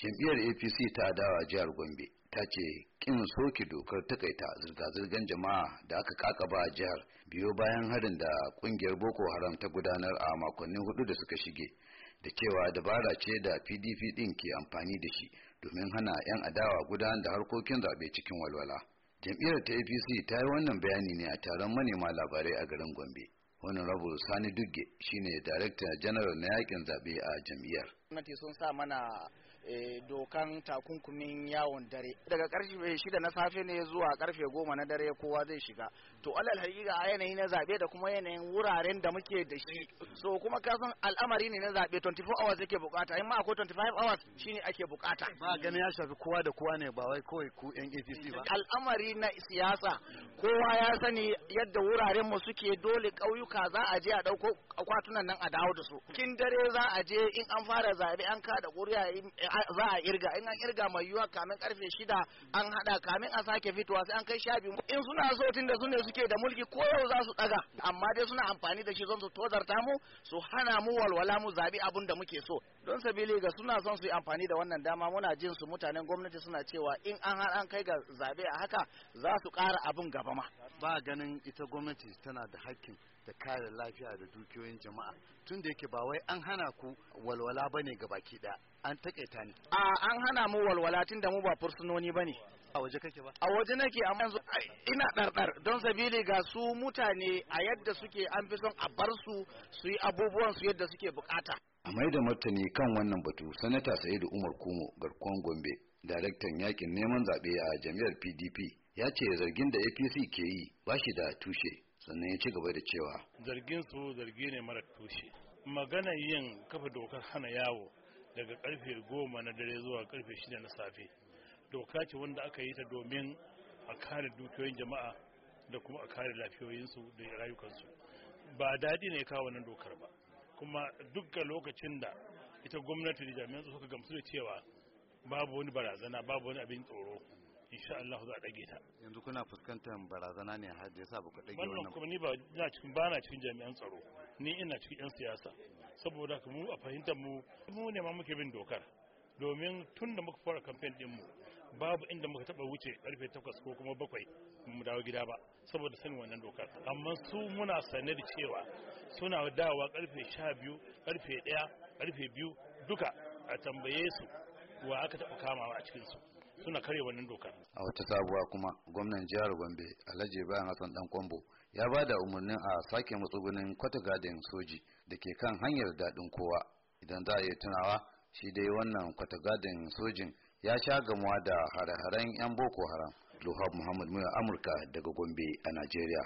jam'iyyar apc ta adawa jihar gombe ta ce kin soke dokar takaita zirga-zirgar jama'a da aka kakaba a jihar biyo bayan harin da kungiyar boko haram ta gudanar a makonni hudu da suka shige da cewa dabara ce da pdp din ke amfani da shi domin hana 'yan adawa gudanar da harkokin zaɓe cikin walwala jam'iyyar ta apc ta yi wannan bayani ne a taron manema labarai a garin gombe wani rabu sani dugge shine director janaral na yakin zaɓe a jam'iyyar gwamnati sun sa mana eh, dokan takunkumin yawon dare daga karfe shida na safe ne zuwa karfe goma na dare kowa zai shiga to alal hakika a yanayi na zabe da kuma yanayin wuraren da muke da shi so kuma ka san al'amari ne na zabe 24 hours yake bukata in ma akwai 25 hours shine ake bukata ba ganin ya shafi kowa da kowa ne ba wai kawai ku yan APC ba al'amari na siyasa kowa ya sani yadda wuraren mu suke dole ƙauyuka za a je a dauko akwatunan nan a dawo da su kin dare za a je in an fara zaɓi an kada ƙuri'a za a irga in an irga mai yiwuwa kamin karfe shida an haɗa kamin a sake fitowa sai an kai sha biyu in suna so tunda su ne suke da mulki ko yau za su ɗaga amma dai suna amfani da shi zan su tozarta mu su hana mu walwala mu zaɓi abin da muke so don sabili ga suna son su yi amfani da wannan dama muna jin su mutanen gwamnati suna cewa in an har an kai ga zaɓe a haka za su ƙara abin gaba ma ba ganin ita gwamnati tana da hakkin da kare lafiya da dukiyoyin jama'a tun da yake ba wai an hana ku walwala bane ne baki da an ne a an hana mu walwala tun da mu ba fursunoni bane a waje kake ba a waje nake amma yanzu ina dardar don sabili ga su mutane a yadda suke an fi son a bar su su yi abubuwan su yadda suke bukata a mai da martani kan wannan batu sanata sa'idu umar kumo garkuwan gombe daraktan yakin neman zaɓe a jami'ar pdp ya ce zargin da apc ke yi ba shi da tushe sannan ya ci gaba da cewa zargin su zargi ne mara tushe magana yin kafa dokar hana yawo daga karfe goma na dare zuwa karfe shida na safe doka ce wanda aka yi ta domin a kare dukiyoyin jama'a da kuma a kare lafiyoyinsu da rayukansu ba daɗi ne kawo wannan dokar ba kuma dukkan lokacin da ita gwamnati da jami'an suka gamsu da cewa babu wani barazana babu wani abin tsoro insha Allah za a dage ta yanzu kuna fuskantar barazana ne har da yasa baka dage wannan kuma ni ba ina cikin ba na cikin jami'an tsaro ni ina cikin yan siyasa saboda mu a fahimtar mu mu ne ma muke bin dokar domin tun da muka fara kamfen mu babu inda muka taba wuce karfe takwas ko kuma bakwai mu dawo gida ba saboda sanin wannan dokar amma su muna sane da cewa suna dawa karfe sha karfe daya karfe biyu duka a tambaye su wa aka taɓa kamawa a cikin su. suna kare wannan dokar a wata sabuwa kuma gwamnan jihar gombe alhaji bayan hassan dan kwambo ya ba da umarnin a sake matsugunin kwata gadin soji da ke kan hanyar daɗin kowa idan za a yi tunawa shi dai wannan kwata gadin sojin ya sha gamuwa da hare-haren 'yan boko haram luhab muhammad muya amurka daga gombe a najeriya